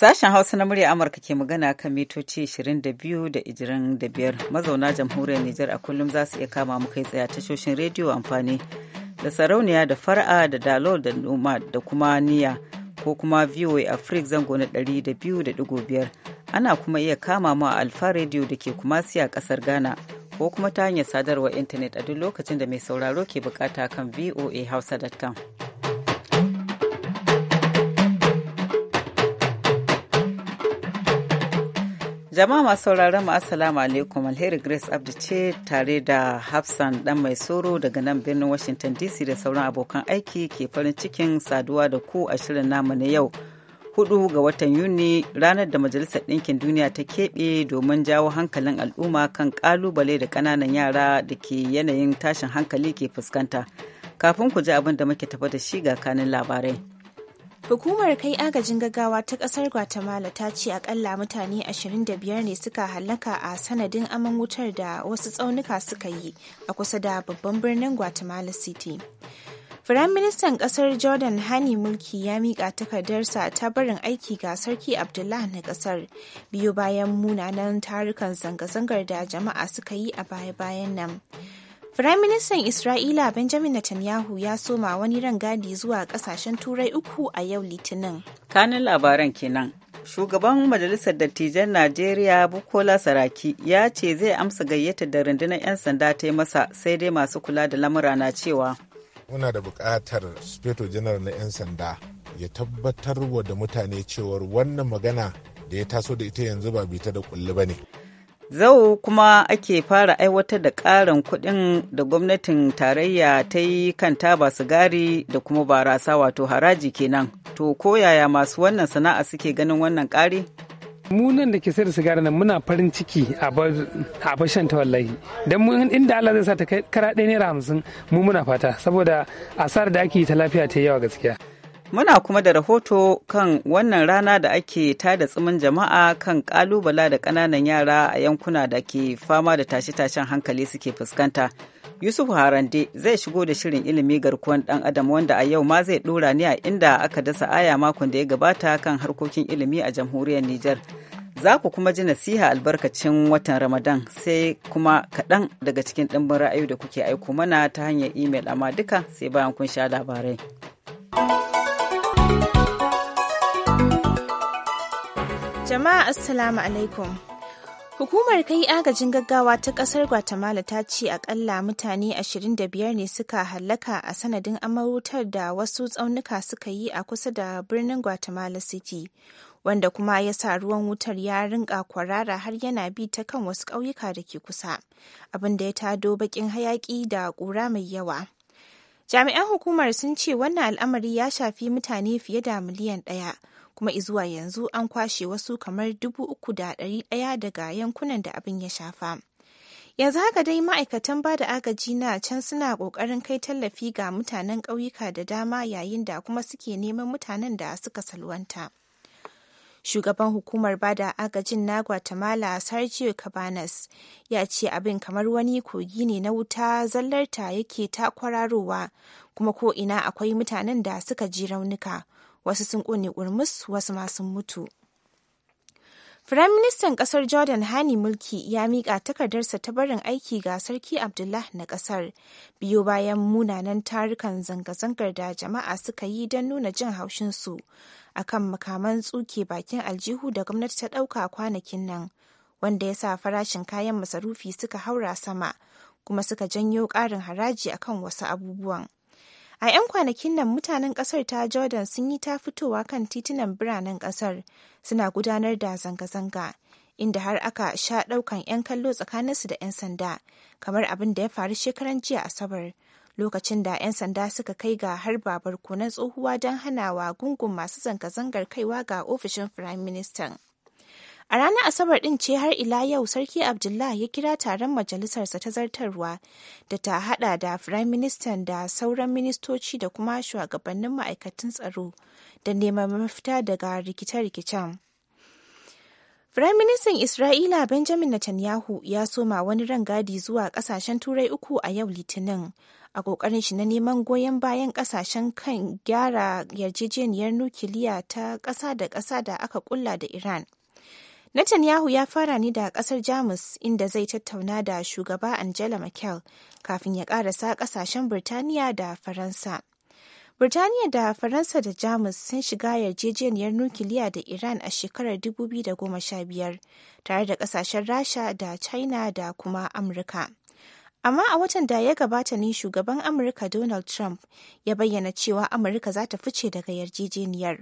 Sashen Hausa na murya Amurka ke magana kan mitoci 22 da da biyar mazauna jamhuriyar Nijar a kullum za su iya kama mu kai tsaye tashoshin rediyo amfani da sarauniya da far'a da dalo da noma da kuma niya ko kuma VOA Africa zango na 200.5 ana kuma iya kama mu a Alfa Radio da ke kuma siya kasar Ghana ko kuma ta hanyar sadarwar intanet a duk lokacin da mai sauraro ke bukata kan voahausa.com. Jama'a masu sauraron mu assalamu alaikum alheri Grace Abdi ce tare da Hafsan dan mai soro daga nan birnin Washington DC da sauran abokan aiki ke farin cikin saduwa da ku a shirin namu na yau. Hudu ga watan Yuni ranar da Majalisar Ɗinkin Duniya ta keɓe domin jawo hankalin al'umma kan ƙalubale da ƙananan yara da ke yanayin tashin hankali ke fuskanta. Kafin ku ji abin da muke tafa da shi ga kanin labarai. Hukumar kai agajin gaggawa ta kasar Guatemala ta ce akalla mutane 25 ne suka halaka a sanadin aman wutar da wasu tsaunuka suka yi a kusa da babban birnin Guatemala City. Firaministan ƙasar Jordan Hani Mulki ya miƙa takardarsa ta barin aiki ga Sarki Abdullah na ƙasar biyu bayan munanan tarukan zanga-zangar da jama'a suka yi a baya-bayan nan. Firaministan Isra'ila Benjamin Netanyahu ya soma wani rangadi zuwa kasashen turai uku a yau litinin. Kanin labaran kenan. Shugaban Majalisar Dattijan Najeriya Bukola Saraki ya ce zai amsa gayyata da rundunar 'yan sanda ta yi masa sai dai masu kula da lamura na cewa. Muna da buƙatar Speto General na 'yan sanda ya tabbatar wa da mutane cewar wannan magana da ya taso da ita yanzu ba bita da kulli ba ne. Zau kuma ake fara aiwatar da ƙarin kuɗin da gwamnatin tarayya ta yi kan taba sigari da kuma barasa wato haraji kenan. To ko yaya masu wannan sana'a suke ganin wannan ƙari? mu nan da ke sayar da sigari nan muna farin ciki a bashan ta wallahi don mu inda Allah zai sa ta kara ɗaya naira hamsin mu muna fata saboda asar da ake yi ta lafiya ta yawa gaskiya. Muna kuma da rahoto kan wannan rana da ake tada tsimin jama'a kan kalubala da kananan yara a yankuna da ke fama da tashe-tashen hankali suke fuskanta. Yusuf Harande zai shigo da shirin ilimi garkuwan ɗan adam wanda a yau ma zai ɗora ne a inda aka dasa aya makon da ya gabata kan harkokin ilimi a jamhuriyar Nijar. Za ku kuma ji nasiha albarkacin watan Ramadan sai kuma kaɗan daga cikin ɗimbin ra'ayi da kuke aiko mana ta hanyar imel amma duka sai bayan kun sha labarai. Jama'a Assalamu alaikum. Hukumar kai agajin gaggawa ta ƙasar Guatemala ta ce akalla mutane 25 ne suka hallaka a sanadin amurutar da wasu tsaunuka suka yi a kusa da birnin Guatemala City, wanda kuma ya sa ruwan wutar ya rinka kwarara har yana bi ta kan wasu ƙauyuka da ke kusa, abin da ya tado baƙin hayaƙi da ƙura mai yawa. Jami'an hukumar sun ce wannan al'amari ya shafi mutane fiye da miliyan ɗaya. kuma izuwa yanzu an kwashe wasu kamar dubu uku da ɗari ɗaya daga yankunan da abin ya shafa. Yanzu haka dai ma'aikatan ba da agaji na can suna ƙoƙarin kai tallafi ga mutanen ƙauyuka da dama yayin da kuma suke neman mutanen da suka salwanta. shugaban hukumar bada agajin na guatemala sergio cabanas ya ce abin kamar wani kogi ne na wuta zallarta yake ta kwararowa kuma ko ina akwai mutanen da suka ji raunuka wasu sun ƙone ƙurmus wasu ma sun mutu ministan ƙasar Jordan Hani Mulki ya miƙa takardarsa ta barin aiki ga Sarki Abdullah na ƙasar biyo bayan munanan tarukan zanga-zangar da jama'a suka yi don nuna jin haushinsu a kan makaman tsuke bakin aljihu da gwamnati ta ɗauka kwanakin nan, wanda ya sa farashin kayan masarufi suka haura sama kuma suka janyo ƙarin haraji akan wasu abubuwan. A 'yan kwanakin nan mutanen kasar ta Jordan sun yi ta fitowa kan titunan biranen kasar suna gudanar da zanga-zanga, inda har aka sha ɗaukan 'yan kallo tsakaninsu da 'yan sanda, kamar abin da ya faru shekaran jiya Asabar, lokacin da 'yan sanda suka kai ga har babar kunan tsohuwa don hanawa gungun masu zanga-zangar kaiwa ga ofishin Firayim Ministan. A ranar Asabar ɗin ce har ila yau Sarki Abdullah ya kira taron majalisarsa ta zartarwa da ta hada da Firayim Ministan da sauran ministoci da kuma shugabannin ma'aikatan tsaro da neman mafita daga rikice-rikicen. ministan Isra'ila Benjamin Netanyahu ya soma wani rangadi zuwa kasashen Turai uku a yau Litinin a kokarin shi na neman goyon bayan kasashen kan gyara yarjejeniyar nukiliya ta ƙasa da ƙasa da aka kulla da Iran. Netanyahu ya fara ne da kasar Jamus inda zai tattauna da shugaba Angela Merkel kafin ya karasa kasashen Birtaniya da Faransa. Birtaniya da Faransa da Jamus sun shiga yarjejeniyar nukiliya da Iran a shekarar 2015 tare da kasashen Rasha da China da kuma Amurka. Amma a watan da ya gabata ne shugaban Amurka Donald Trump ya bayyana cewa Amurka za ta fice daga yarjejeniyar,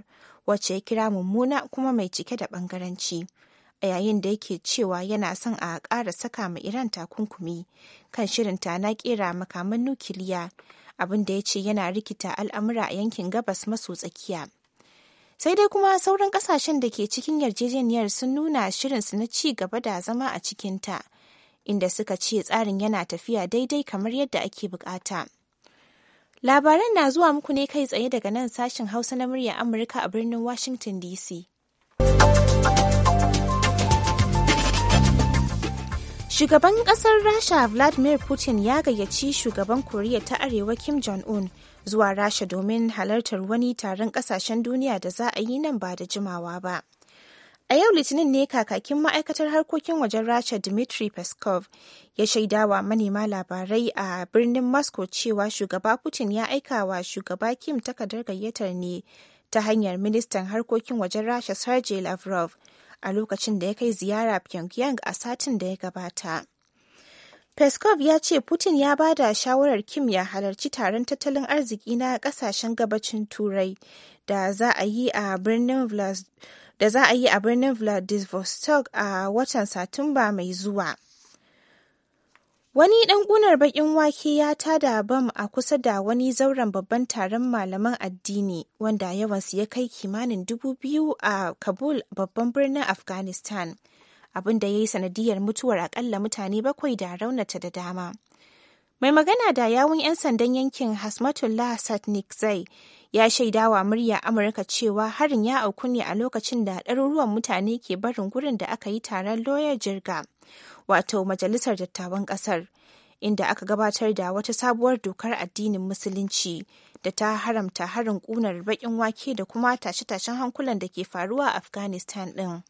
wacce ya kira mummuna kuma mai cike da ɓangaranci a yayin da yake cewa yana son a ƙara saka ma Iran takunkumi kan shirinta na ƙera makaman nukiliya abin da ya ce yana rikita al'amura a yankin gabas maso tsakiya. Sai dai kuma sauran ƙasashen da ke cikin yarjejeniyar sun nuna shirinsu na ci gaba da zama a cikinta, inda suka ce tsarin yana tafiya daidai kamar yadda ake bukata. Labaran na zuwa muku ne kai tsaye daga nan sashen Hausa na muryar Amurka a birnin Washington DC. Shugaban kasar Rasha Vladimir Putin ya gayyaci shugaban Koriya ta Arewa Kim Jong-un zuwa Rasha domin halartar wani taron kasashen duniya da za a yi nan ba da jimawa ba. A yau Litinin ne kakakin ma'aikatar harkokin wajen Rasha Dmitry Peskov ya shaidawa manema labarai a birnin Moscow cewa shugaba Putin ya aika wa shugaba Kim takardar gayyatar ne ta hanyar ministan harkokin wajen Rasha Sergei Lavrov. a lokacin da ya kai ziyara Pyongyang a satin da ya gabata. Peskov ya ce Putin ya ba da shawarar Kim ya halarci taron tattalin arziki na kasashen gabacin Turai da za a yi a birnin Vladivostok a watan Satumba mai zuwa. Wani ɗan ƙunar baƙin wake ya tada bam a kusa da wani zauren babban taron malaman addini wanda yawansu ya kai kimanin dubu biyu a Kabul babban birnin Afghanistan, abin da ya yi sanadiyar mutuwar akalla mutane bakwai da raunata da dama. Mai magana da yawun 'yan sandan yankin Hasmatullah Satnik Zai ya shaidawa murya Amurka cewa harin ya auku ne a lokacin da ɗaruruwan mutane ke barin gurin da aka yi taron loyar jirga. wato majalisar dattawan ƙasar inda aka gabatar da wata sabuwar dokar addinin musulunci da ta haramta harin ƙunar baƙin wake da kuma tashe-tashen hankulan da ke faruwa a afghanistan ɗin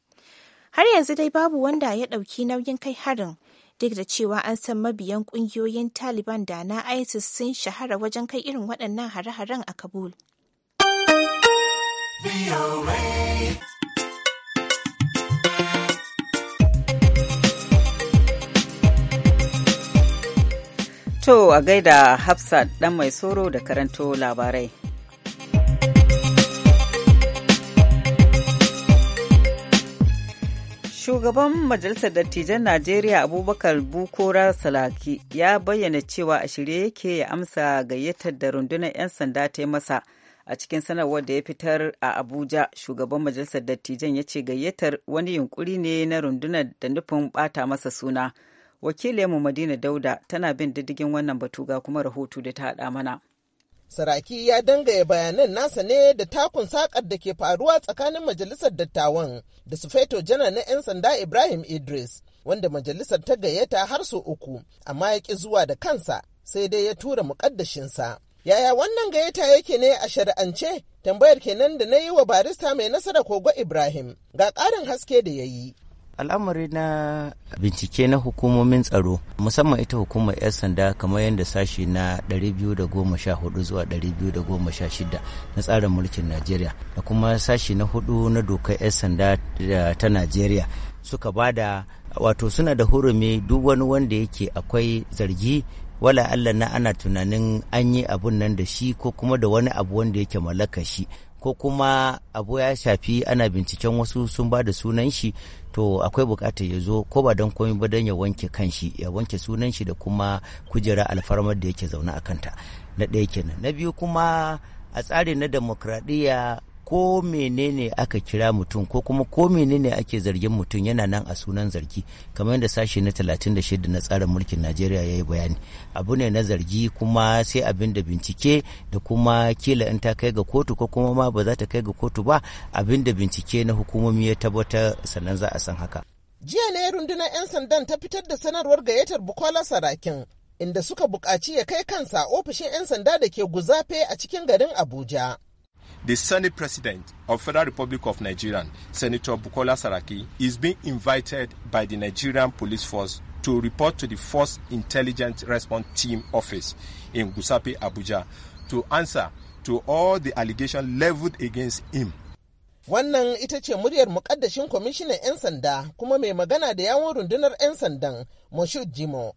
har yanzu dai babu wanda ya ɗauki nauyin kai harin duk da cewa an san mabiyan ƙungiyoyin taliban da na isis sun shahara wajen kai irin waɗannan hare-haren a kabul To a gaida hafsa ɗan mai soro da karanto labarai. Shugaban Majalisar Dattijan Najeriya Abubakar Bukora Salaki ya bayyana cewa a shirye yake ya amsa gayyatar da rundunar 'yan sanda ta yi masa a cikin sanarwar da ya fitar a Abuja. Shugaban Majalisar Dattijan ya ce gayyatar wani yunkuri ne na rundunar da nufin bata masa suna. wakiliyarmu madina dauda tana bin diddigin wannan batu ga kuma rahoto da ta haɗa mana saraki ya dangaya bayanan nasa ne da takun sakar da ke faruwa tsakanin majalisar dattawan da sufeto jana na 'yan sanda ibrahim idris wanda majalisar ta gayyata har so uku amma ya ki zuwa da kansa sai dai ya tura muƙaddashinsa yaya wannan gayyata yake ne a shari'ance tambayar kenan da na yi wa barista mai nasara kogo ibrahim ga ƙarin haske da ya yi al'amari na bincike na hukumomin tsaro musamman ita hukumar 'yan sanda kamar yadda sashi na 214 zuwa 216 na tsarin mulkin najeriya da kuma sashi na hudu na dokar 'yan sanda ta najeriya suka ba da wato suna da hurumi duk wani wanda yake akwai zargi wala Allah na ana tunanin an yi abun nan da shi ko kuma da wani abu wanda yake mallaka shi ko kuma abu ya shafi ana binciken wasu sun ba da sunan shi to akwai bukatar ya zo ko ba don komi ba don ya wanke kanshi ya wanke sunan shi da kuma kujera alfarmar da yake zaune a kanta na ɗaya kenan na biyu kuma a tsari na demokradiyya ko menene aka kira mutum ko kuma ko menene ake zargin mutum yana nan a sunan zargi kamar yadda sashe na 36 na tsarin mulkin najeriya ya yi bayani abu ne na zargi kuma sai abin da bincike da kuma kila in ta kai ga kotu ko kuma ma ba za ta kai ga kotu ba abin da bincike na hukumomi ya tabbatar sannan za a san haka jiya ne rundunar 'yan sandan ta fitar da sanarwar gayyatar bukola sarakin inda suka bukaci ya kai kansa ofishin 'yan sanda da ke guzafe a cikin garin abuja the Senate President of Federal Republic of Nigeria, Senator Bukola Saraki, is being invited by the Nigerian Police Force to report to the Force Intelligence Response Team office in gusapi Abuja, to answer to all the allegations leveled against him. Wannan ita ce muryar muƙaddashin kwamishinan 'yan sanda kuma mai magana da yawon rundunar 'yan sandan Moshood Jimo.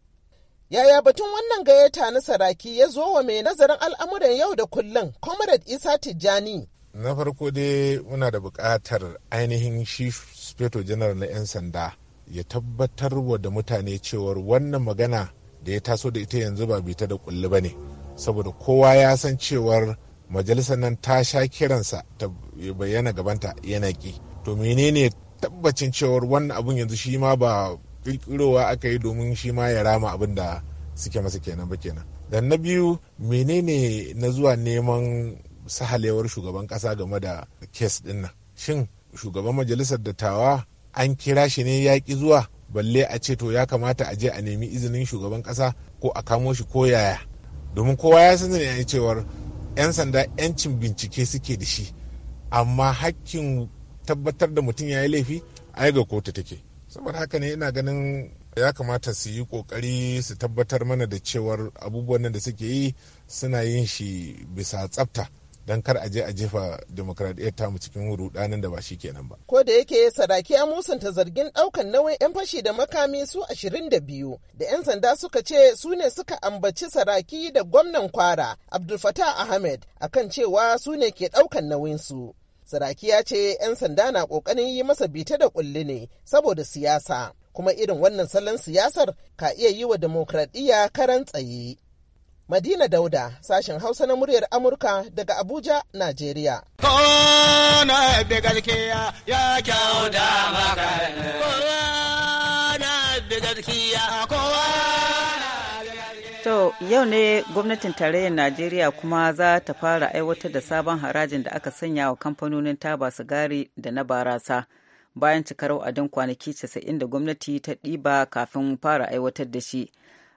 Yaya batun wannan gayyata na saraki ya zo wa mai nazarin al'amuran yau da kullum, Comrade Isa Tijjani. Na farko dai muna da buƙatar ainihin chief Speto General na 'yan sanda ya tabbatar wa da mutane cewar wannan magana da ya taso da ita yanzu ba bita da kulli ba ne. Saboda kowa ya san cewar majalisar nan ta sha kiransa ta bayyana gabanta yana ki. To menene tabbacin cewar wannan abun yanzu shi ma ba kirkirowa aka yi domin shi ma ya rama abin da suke masa kenan ba kenan dan na biyu menene na zuwa neman sahalewar shugaban ƙasa game da kes din nan shin shugaban majalisar dattawa an kira shi ne ya ki zuwa balle a ce to ya kamata a je a nemi izinin shugaban ƙasa ko a kamo shi ko yaya domin kowa ya sani ne cewar 'yan sanda 'yancin bincike suke da shi amma hakkin tabbatar da mutum ya yi laifi ai ga kotu take saboda haka ne ina ganin ya kamata su yi kokari su tabbatar mana da cewar abubuwan da suke yi suna yin shi bisa tsafta don kar aje a jefa demokradiyyar tamu cikin rudanin da ba shi kenan ba. Ko da yake sadaki ya musanta zargin daukan nauyin 'yan fashi da makami su 22 da 'yan sanda suka ce su ne suka ambaci saraki da gwamnan kwara Abdul Fattah Ahmed akan cewa su ne ke daukan nauyin su. Saraki ya ce 'yan sanda na ƙoƙarin yi masa bita da ƙulli ne saboda siyasa, kuma irin wannan salon siyasar ka iya yi wa demokradiyya karan tsaye. Madina Dauda, sashen Hausa na muryar Amurka daga Abuja, Najeriya. Kona ya To yau ne gwamnatin tarayyar Najeriya kuma za ta fara aiwatar da sabon harajin da aka sanya wa kamfanonin taba sigari da na barasa bayan cikar wa'adin kwanaki casa'in da gwamnati ta ɗiba kafin fara aiwatar da shi.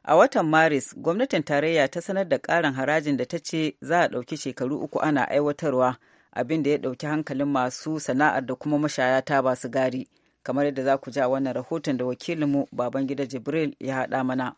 A watan Maris, gwamnatin tarayya ta sanar da ƙarin harajin da ta ce za a ɗauki shekaru uku ana aiwatarwa abin da ya ɗauki hankalin masu sana'ar da kuma mashaya taba sigari. Kamar yadda za ku ja wannan rahoton da wakilinmu Babangida Jibril ya haɗa mana.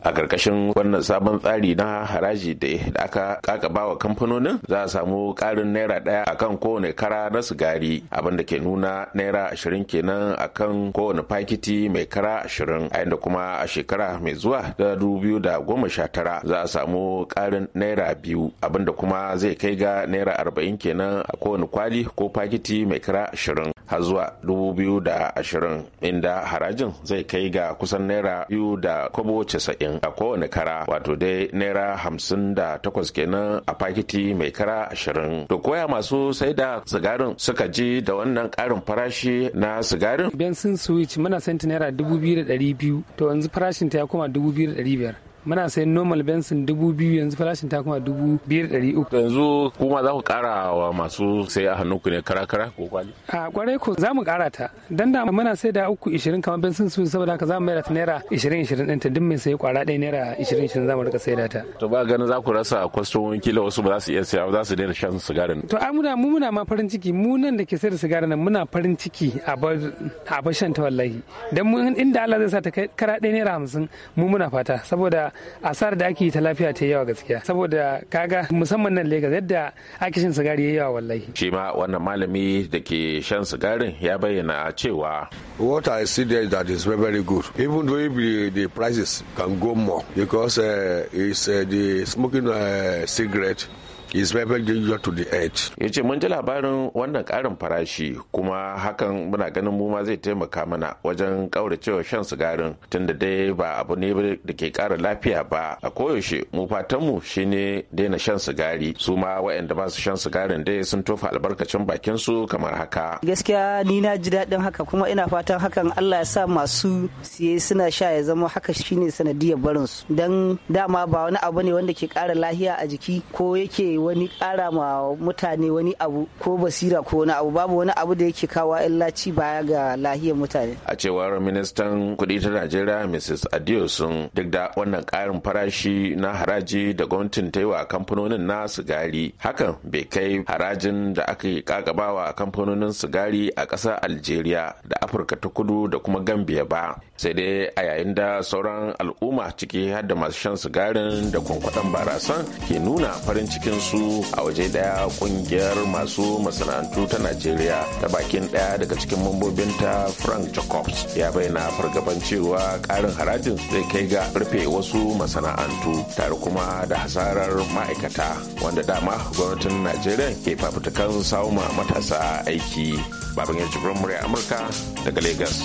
a ƙarƙashin wannan sabon tsari na haraji da aka kakaba wa kamfanonin za a samu ƙarin naira ɗaya kan kowane kara na sigari abin da ke nuna naira ashirin kenan a kan kowane fakiti mai kara ashirin a yadda kuma a shekara mai zuwa da dubu da goma sha tara za a samu ƙarin naira biyu abin da kuma zai kai ga naira arba'in kenan a kowane kwali ko fakiti mai kara ashirin har zuwa dubu biyu da ashirin inda harajin zai kai ga kusan naira biyu da kobo casa'in arba'in a kowane kara wato dai naira hamsin da takwas kenan a fakiti mai kara ashirin to koya masu sai da sigarin suka ji da wannan karin farashi na sigarin bensin switch muna senti naira dubu biyu da ɗari biyu to yanzu farashin ta ya koma dubu biyu da ɗari biyar muna sayan normal benson dubu biyu yanzu farashin ta kuma dubu biyar ɗari uku. yanzu kuma za ku ƙara wa masu sai a hannunku ne kara-kara ko kwali. a kwarai ko za mu ƙara ta dan da muna sai da uku ishirin kamar benson su saboda haka za mu mai naira ishirin ishirin ɗin ta duk mai sayi kwara ɗaya naira ishirin ishirin za mu rika sai da ta. to ba ganin za ku rasa kwastomomin kila wasu ba za su iya siya ba za su daina shan sigarin. to a muna mu muna ma farin ciki mu nan da ke sayar da sigarin nan muna farin ciki a bar shan ta wallahi dan mu inda Allah zai sa ta kai kara ɗaya naira hamsin mu muna fata saboda asar asarar da ake ta lafiya ta yawa gaskiya saboda kaga musamman nan Legas yadda ake shan sigari yayi yawa wallahi shi ma wannan malami da ke shan sigarin ya bayyana cewa what i see there that is very very good even though if the, the prices can go more because uh, it's uh, the smoking uh, cigarette is very to the edge. Ya ce mun ji labarin wannan karin farashi kuma hakan muna ganin mu ma zai taimaka mana wajen kauracewa shan sigarin tunda dai ba abu ne da ke kara lafiya ba a koyaushe mu fatanmu shine daina shan sigari su ma waɗanda ba su shan sigarin dai sun tofa albarkacin bakin su kamar haka. Gaskiya ni na ji daɗin haka kuma ina fatan hakan Allah ya sa masu siye suna sha ya zama haka shine sanadiyar barinsu don dama ba wani abu ne wanda ke kara lahiya a jiki ko yake wani kara ma mutane wani abu ko basira ko wani abu babu wani abu da yake kawo illa baya ga lahiyar mutane a cewar ministan kuɗi ta najeriya mrs sun duk da wannan karin farashi na haraji da gwamnatin ta yi wa kamfanonin na sigari hakan bai kai harajin da aka yi kagabawa kamfanonin sigari a ƙasar algeria da afirka ta kudu da kuma gambia ba sai dai a yayin da sauran al'umma ciki har da masu shan sigarin da kwankwaɗon barasan ke nuna farin cikinsu su a waje daya kungiyar masu masana'antu ta najeriya ta bakin daya daga cikin mambobinta frank jacobs ya bayyana fargaban cewa karin harajin zai kai ga rufe wasu masana'antu tare kuma da hasarar ma'aikata wanda dama gwamnatin najeriya ke fafutukan sauma matasa aiki baban yanci murya amurka daga lagos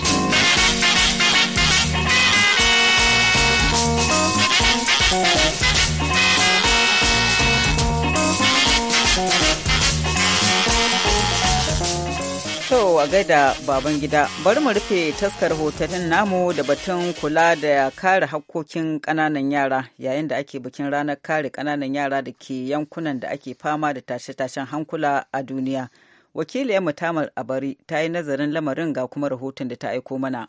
Thank you. To a gaida baban gida bari mu rufe taskar hotonin namu da batun kula da kare hakkokin ƙananan yara yayin da ake bikin ranar kare ƙananan yara da ke yankunan da ake fama da tashe-tashen hankula a duniya. Wakiliyar mutamar bari ta yi nazarin lamarin ga kuma rahoton da ta aiko mana.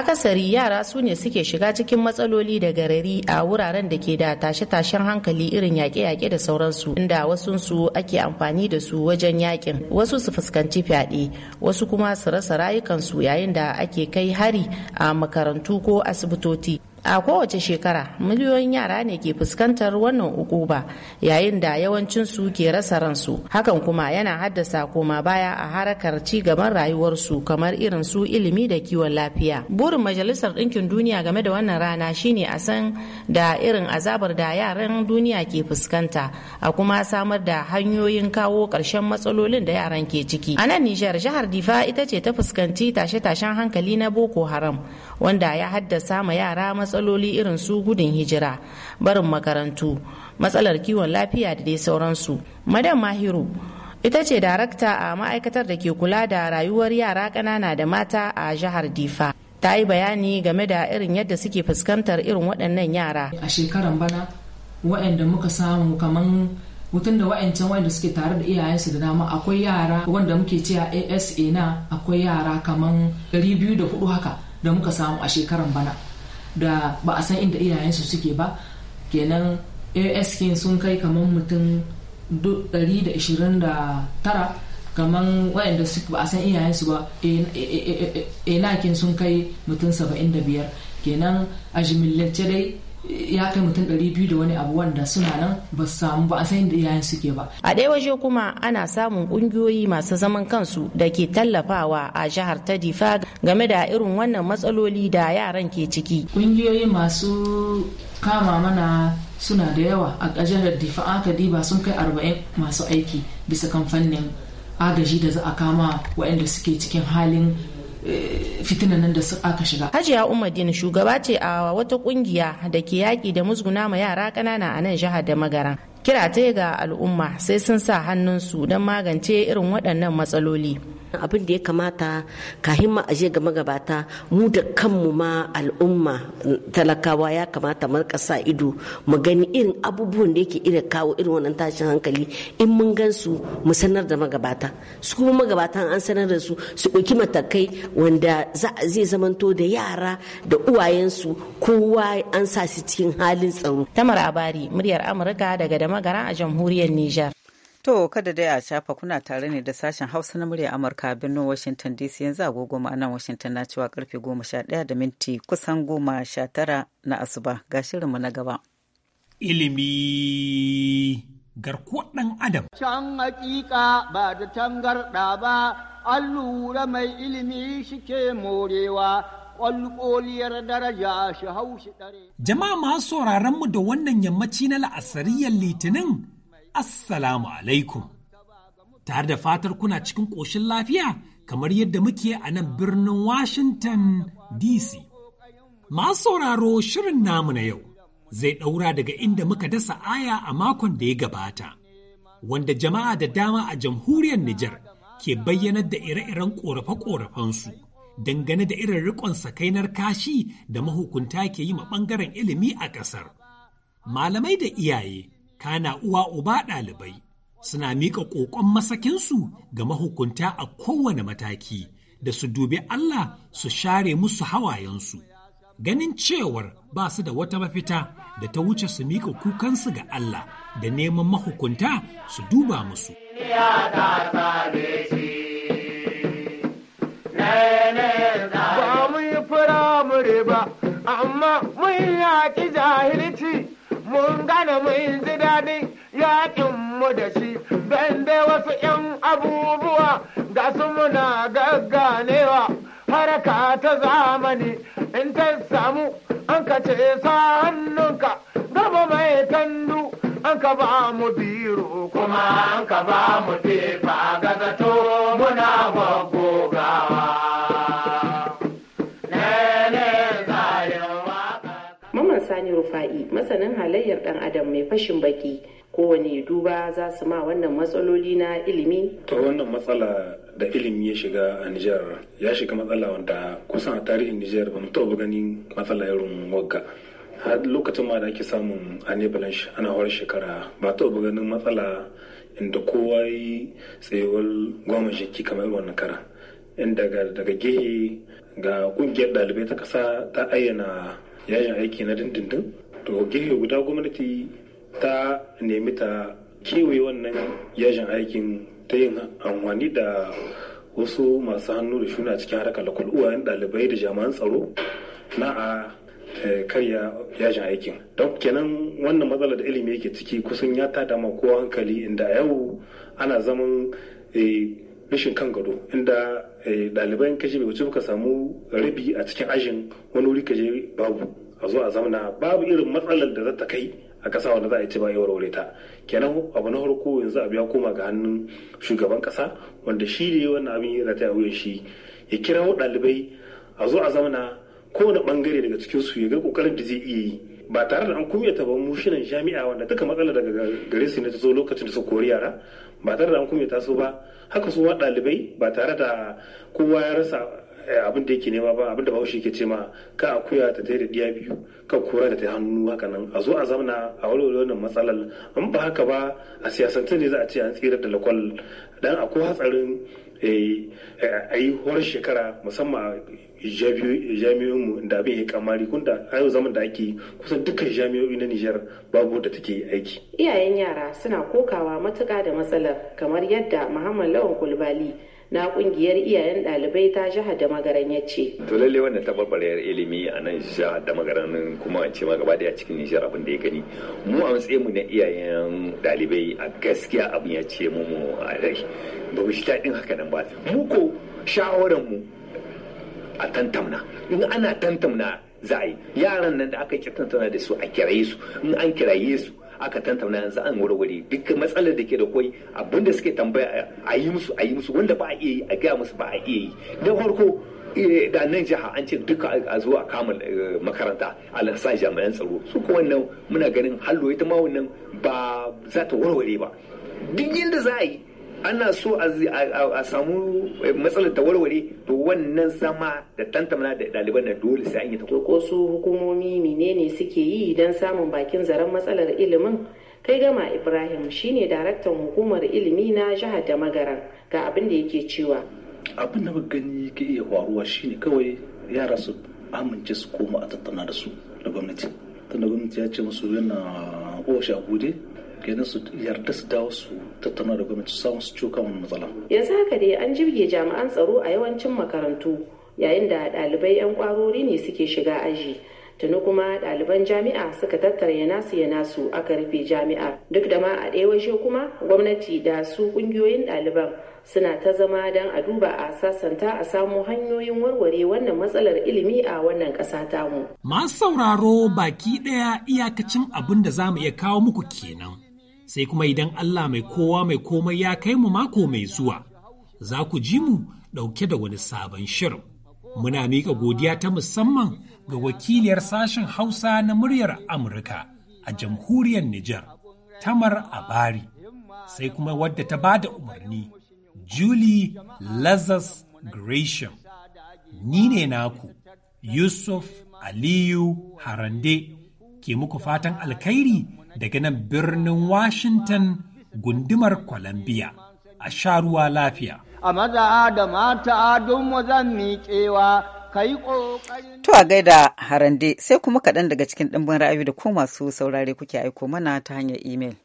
Akasari yara su ne suke shiga cikin matsaloli da garari a wuraren da ke da tashe-tashen hankali irin yaƙe-yaƙe da sauransu inda wasunsu ake amfani da su wajen yaƙin wasu su fuskanci fyaɗe wasu kuma su rasa rayukansu yayin da ake kai hari a makarantu ko asibitoci. a kowace shekara miliyoyin yara ne ke fuskantar wannan ukuba yayin da yawancinsu ke rasa ransu hakan kuma yana haddasa koma baya a harakar ci gaban rayuwarsu kamar irin su ilimi da kiwon lafiya burin majalisar ɗinkin duniya game da wannan rana shine a san da irin azabar da yaran duniya ke fuskanta a kuma samar da hanyoyin kawo ƙarshen matsalolin da yaran ke ciki a nan nijar jihar difa ita ce ta fuskanci tashe-tashen hankali na boko haram wanda ya haddasa ma yara matsalolin matsaloli irin su gudun hijira barin makarantu matsalar kiwon lafiya da dai sauransu madam mahiru ita ce darakta a ma'aikatar da ke kula da rayuwar yara ƙanana da mata a jihar difa ta yi bayani game da irin yadda suke fuskantar irin waɗannan yara a shekaran bana waɗanda muka samu kaman mutum da wa'ancan wanda suke tare da iyayensu da dama akwai yara wanda muke cewa asa na akwai yara kaman 200 haka da muka samu a shekaran bana da ba a san inda iyayensu suke ba kenan ask sun kai kamar mutum 129 kamar wayanda ba a san iyayensu ba enakin sun kai mutum 75 kenan a jimillance dai ya kai mutum ɗari biyu da wani abu wanda suna nan ba su samu ba a san da iyayen suke ba. A ɗaya waje kuma ana samun ƙungiyoyi masu zaman kansu da ke tallafawa a jihar ta Difa game da irin wannan matsaloli da yaran ke ciki. Ƙungiyoyi masu kama mana suna da yawa a jihar Difa ka diba sun kai arba'in masu aiki bisa kan fannin agaji da za a kama waɗanda suke cikin halin eh, fitinan nan da su aka shiga hajiya dini shugaba ce a wata kungiya da ke yaƙi da musguna ma yara ƙanana a nan jihar da magara. kira ta ga al'umma sai sun sa hannunsu don magance irin waɗannan matsaloli abin da ya kamata kahin ma aje ga magabata mu da kanmu ma al'umma talakawa ya kamata mu ƙasa ido mu gani irin abubuwan da yake irin kawo irin wannan tashin hankali in mun gansu mu sanar da magabata su kuma magabatan an sanar da su su ɗauki matakai wanda zai zamanto da yara da uwayensu kowa an sa su cikin halin tsaro tamar abari muryar amurka daga magana a jamhuriyar Nijar. To kada dai a shafa kuna tare ne da sashen Hausa na murya Amurka birnin Washington DC yanzu agogo ma'anan Washington na cewa karfe 11 da minti kusan tara na asuba ga shirinmu na gaba. Ilimi garkuwar ɗan Adam. Can hakika ba da tangarɗa ba, an lura mai ilimi shike morewa daraja shi haushi Jama'a masu sauraron mu da wannan yammaci na la'asariyar litinin, Assalamu alaikum. Tare da fatar kuna cikin ƙoshin lafiya kamar yadda muke a nan birnin Washington DC. Masu sauraro shirin namu na yau zai ɗaura daga inda muka dasa aya a makon da ya gabata, wanda jama'a da dama a jamhuriyar Nijar ke bayyanar da ire-iren ƙorafe-ƙorafensu. dangane da irin rikon sakainar kashi da mahukunta ke yi ma ɓangaren ilimi a ƙasar. Malamai da iyaye, kana uwa uba ɗalibai, suna miƙa ƙoƙon masakinsu ga mahukunta a kowane mataki da su dubi Allah su share musu hawayensu. Ganin cewar ba su da wata mafita da ta wuce su miƙa kukansu ga Allah da neman mahukunta su duba musu. Ya ta yaƙi jahilci mun gane mun ji daɗi yaƙin mu da shi ban da wasu 'yan abubuwa ga su muna gagganewa haraka ta zamani in ta samu an ka ce sa hannunka gaba mai kandu an ka ba mu biro kuma an ka ba mu tefa ga zato muna babu halayyar ɗan adam mai fashin baki kowane duba za su ma wannan matsaloli na ilimi? To wannan matsala da ilimi ya shiga a Nijar ya shiga matsala wanda kusan a tarihin Nijar ba mu taɓa ganin matsala irin wagga. Har lokacin ma da ake samun anebalansh ana hawar shekara ba taɓa ganin matsala inda kowa yi tsayuwar goma jiki kamar wannan kara. Inda daga gehe ga kungiyar ɗalibai ta ƙasa ta ayyana yajin aiki na dindindin to gehe guda gwamnati ta nemi ta kewaye wannan yajin aikin ta yin amfani da wasu masu hannu da shuna cikin harkar lakul uwayen dalibai da jami'an tsaro na a eh, karya yajin aikin don kenan wannan matsalar da ilimi yake ciki kusan ya ta dama kowa hankali inda a yau ana zaman eh, rashin kan gado inda eh, ɗaliban kashi bai wuce ka samu rabi a cikin ajin wani wuri kaje babu a zo a zauna babu irin matsalar da za ta kai a ƙasa wanda za a ci ba ya warware ta kenan abu na harko yanzu abu ya koma ga hannun shugaban ƙasa wanda shi ne wannan abin yana ta wuyan shi ya kirawo ɗalibai a zo a zauna kowane ɓangare daga cikin su ya ga ƙoƙarin da zai iya yi ba tare da an kumyata ba mushinan jami'a wanda duka matsala daga gare su ne ta zo lokacin da su kori yara ba tare da an ta su ba haka su ma ɗalibai ba tare da kowa ya rasa Eh, abin da yake nema ba abin da bahaushe yake ce ma ka akuya ta tai da diya biyu ka kura ta tai hannu haka nan a zo a zamna a walwala wannan matsalar in ba haka ba a siyasance ne za a ce an tsira da lakwal dan akwai hatsarin eh, a yi horar shekara musamman a mu da abin ya kamari kunda a yau zaman da ake kusan dukkan jami'o'i na Nijar babu da take aiki. Iyayen yara suna kokawa matuka da matsalar kamar yadda Muhammad Lawan Kulbali na kungiyar iyayen dalibai ta jiha da magaran ya ce. To lalle wannan tabarbarayar ilimi a nan jiha da magaran kuma a ce ma gaba daya cikin Nijar abin da ya gani. Mu a matsayin mu na iyayen dalibai a gaskiya abin ya ce mu mu a rai. Ba mu shi daɗin haka nan ba. Mu ko shawaran mu a tantamna. In ana tantamna za a yi. Yaran nan da aka kirtantana da su a kiraye su. In an kiraye su aka tantauna yanzu an warware duk matsalar da ke da koi kwai da suke tambaya a yi musu a yi musu wanda ba a iya yi a gaya musu ba a iya yi da farko eh, da nan jiha an ce duka a zuwa kama eh, makaranta a lansa jami'an tsaro su ko wannan muna ganin hallo ita ma wannan ba za ta warware ba duk yadda za a yi ana so a samu eh, matsalar ta warware to wannan sama da tantamana da ɗaliban na dole sai an yi ta ko su hukumomi menene suke yi don samun bakin zaren matsalar ilimin kai gama ibrahim shine daraktan hukumar ilimi na jihar da magaran ga abin da yake cewa abin da gani ke iya faruwa shine kawai yara su amince su koma a tattauna da su da gwamnati tunda gwamnati ya ce musu yana kowace a bude kenan su yarda su dawo su tattauna da gwamnati su samu su ciwo kan matsala. Yanzu haka dai an jirge jami'an tsaro a yawancin makarantu yayin da ɗalibai 'yan kwarori ne suke shiga aji. tuni kuma ɗaliban jami'a suka tattara ya nasu ya nasu aka rufe jami'a, duk da ma a ɗaya waje kuma gwamnati da su ƙungiyoyin ɗaliban suna ta zama don a duba a sasanta a samu hanyoyin warware wannan matsalar ilimi a wannan ƙasa tamu. masu sauraro baki ɗaya iyakacin abin da za mu iya kawo muku kenan sai kuma idan Allah mai kowa mai komai ya kai mu mako mai zuwa, za ku ji mu ɗauke da wani sabon shirin. Muna miƙa godiya ta musamman ga wakiliyar sashen Hausa na muryar Amurka a jamhuriyar Nijar, Tamar Abari, sai kuma wadda ta ba da umarni, Julie Lazarus Gresham. Ni ne naku, Yusuf Aliyu Harande, ke muku fatan alkhairi daga nan birnin Washington gundumar Columbia. A sha ruwa lafiya. A maza da mata don zan miƙewa To a gaida harande sai kuma kaɗan daga cikin ɗimbin ra'ayi da ko masu saurare kuke aiko mana ta hanyar imel.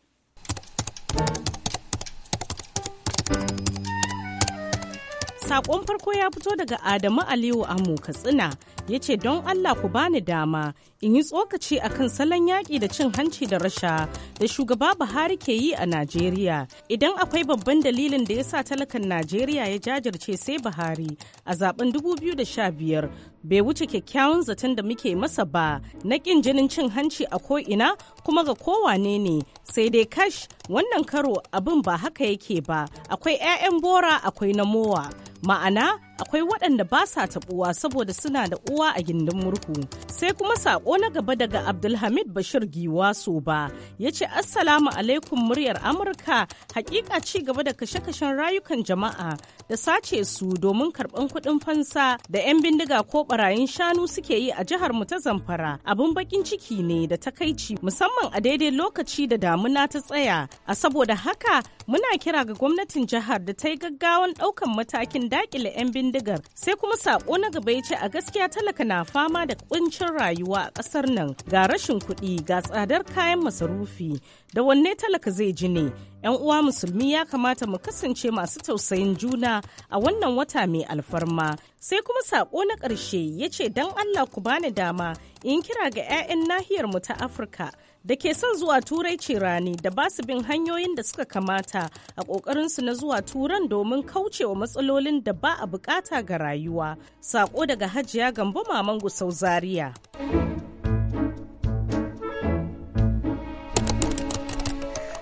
Saƙon farko ya fito daga Adamu Aliyu Amu Katsina ya ce don Allah ku bani dama in yi tsokaci a kan salon yaƙi da cin hanci da rasha da shugaba Buhari ke yi a Najeriya. Idan akwai babban dalilin da ya sa talakan Najeriya ya jajirce sai Buhari a zaben 2015 bai wuce kyakkyawan zaton da muke masa ba na ƙin jinin cin hanci a ko'ina kuma ga kowane ne sai dai kash wannan karo abin ba haka yake ba akwai 'ya'yan bora akwai na mowa ma'ana akwai waɗanda ba sa taɓuwa saboda suna da uwa a gindin murhu. Sai kuma saƙo na gaba daga Abdulhamid Bashir Giwa ba ya ce Assalamu alaikum muryar Amurka haƙiƙa ci gaba da kashe-kashen rayukan jama'a da sace su domin karɓan kuɗin fansa da 'yan bindiga ko ɓarayin shanu suke yi a jihar mu ta Zamfara abin bakin ciki ne da takaici musamman a daidai lokaci da damuna ta tsaya a saboda haka muna kira ga gwamnatin jihar da ta yi gaggawan ɗaukan matakin dakile 'yan bindigar sai kuma saƙo na gaba ya ce a gaskiya talaka na fama da kuncin rayuwa a ƙasar nan ga rashin kuɗi ga tsadar kayan masarufi da wanne talaka zai ji ne 'yan uwa musulmi ya kamata mu kasance masu tausayin juna a wannan wata mai alfarma sai kuma sako na ƙarshe ya ce don allah ku bani dama in kira ga 'ya'yan nahiyar mu ta afirka da ke son zuwa turai ce rani da ba su bin hanyoyin da suka kamata a ƙoƙarinsu na zuwa turan domin kauce wa matsalolin da ba a bukata ga rayuwa sako daga hajiya gambo maman gusau zaria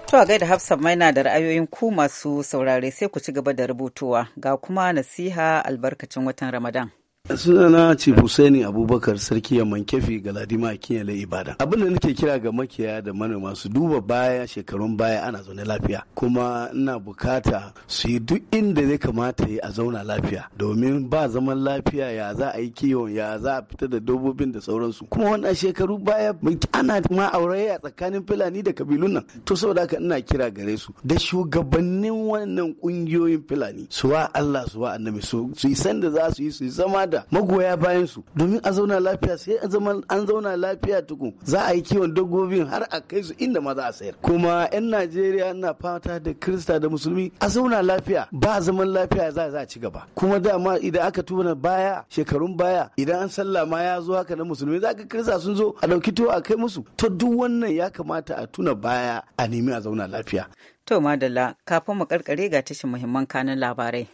To a gaida mai na da ra'ayoyin ku masu saurare sai ku ci gaba da rubutuwa ga kuma nasiha albarkacin watan Ramadan. sunana ce Husaini Abubakar sarki Yaman, kefi Galadima Akinyele Ibada. Abin da nake kira ga makiyaya da manoma su duba baya shekarun baya ana zaune lafiya kuma ina bukata su yi duk inda zai kamata yi a zauna lafiya domin ba zaman lafiya ya za a yi kiwon ya za a fita da dabbobin da sauransu kuma wannan shekaru baya ana ma auraya tsakanin Fulani da kabilun nan to saboda haka ina kira gare su da shugabannin wannan kungiyoyin Fulani suwa Allah suwa annabi su yi sanda za su yi su zama da da magoya bayan su domin a zauna lafiya sai a zama an zauna lafiya tuku za a yi kiwon dabbobin har a kai su inda ma za a sayar kuma yan Najeriya na fata da Kirista da Musulmi a zauna lafiya ba zaman lafiya za a ci gaba kuma dama idan aka tuna baya shekarun baya idan an sallah ma ya zo haka na Musulmi za ka Kirista sun zo a dauki to a kai musu to duk wannan ya kamata a tuna baya a nemi a zauna lafiya To Madalla, kafin mu karkare ga tashin muhimman kanin labarai.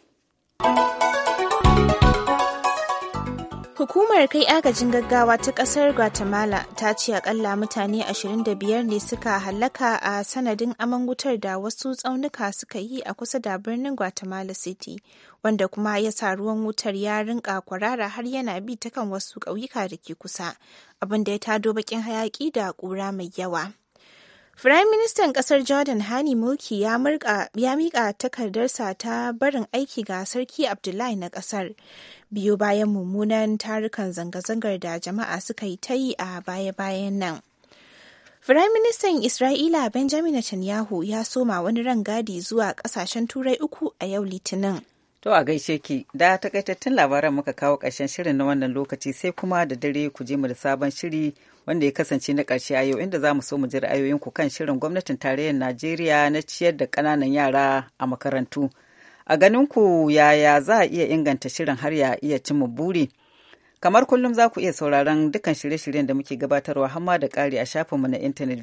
Hukumar kai agajin gaggawa ta kasar Guatemala ta ce akalla mutane 25 ne suka hallaka a sanadin aman wutar da wasu tsaunuka suka yi a kusa da birnin Guatemala City, wanda kuma ya sa ruwan wutar ya rinka kwarara har yana bi ta kan wasu ƙauyuka da ke kusa, abinda ya tado baƙin hayaƙi da ƙura mai yawa. Firayim Ministan ƙasar Jordan Hani Mulki ya miƙa takardarsa ta barin aiki ga Sarki Abdullahi na ƙasar. biyu bayan mummunan tarukan zanga-zangar da jama'a suka yi ta yi a baya-bayan nan. Firaministan Isra'ila Benjamin Netanyahu ya soma wani rangadi zuwa kasashen Turai uku a yau Litinin. To a gaishe ki, da takaitattun labaran muka kawo ƙarshen shirin na wannan lokaci sai kuma da dare ku je mu da sabon shiri wanda ya kasance na ƙarshe a yau inda za mu so mu ji ra'ayoyinku kan shirin gwamnatin tarayyar Najeriya na ciyar da ƙananan yara a makarantu. A ganin ku yaya za a iya inganta shirin har ya iya cimma buri? Kamar kullum za ku iya sauraron dukkan shirye-shiryen da muke gabatarwa hamma da ƙari a shafinmu na intanet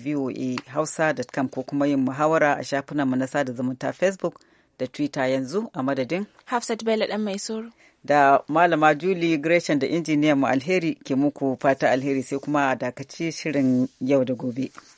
hausa.com ko kuma yin muhawara a shafinanmu na sada zumunta Facebook da Twitter yanzu a madadin. Hafsat Bello dan mai soro. Da Malama Julie Gresham da injiniyan mu alheri ke muku fata alheri sai kuma a dakaci shirin yau da gobe.